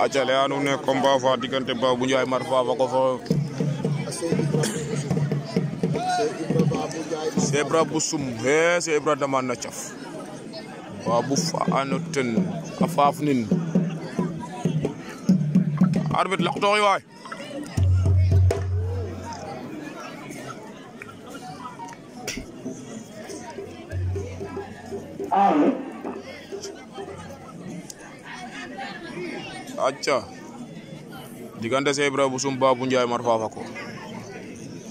acale anu ne combat fa diggante Babou Ndiaye mar fafa ko fo sebra bu sum he sebra dama na caf Babou fa ano ten a faaf nin arbitre laxtooxi waay acca diggante Cheikh Ibra Boussoum Babou Ndiaye Mar Fafaco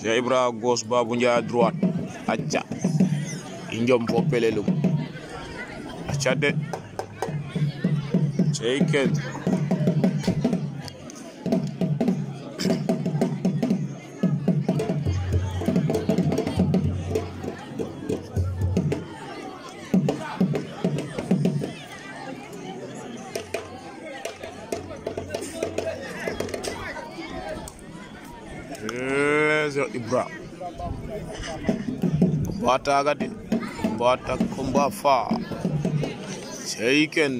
Cheikh Ibra à gauche Babou Ndiaye à droite fo pelelum acca de Cheikh lezer ibra mbata agadi mbata komba fa seyken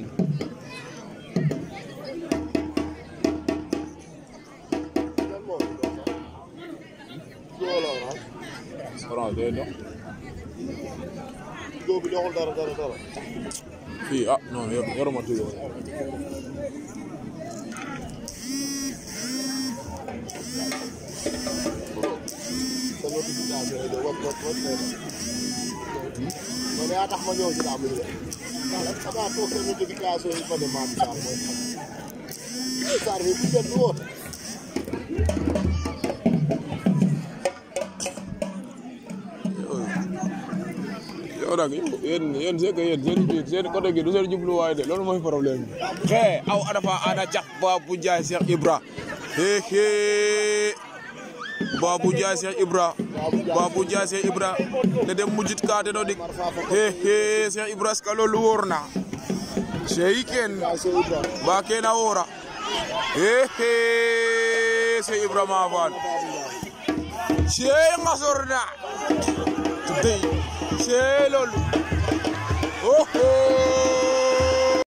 Soran de no. Gobi doxul dara dara dara. Fii ah non yoruma tuyo. loolu yaa tax ma ñëw ci problème bi. xee Ibra. xee xee. Babou Dia Ibra Babou Dia Ibra ne dem mujjit ka den o ɗik he he Cheikh Ibra skalolu worna Cheikh ken ba kena wora he he Cheikh Ibra ma fal Cheikh ngasorna today Cheikh lolu oh oh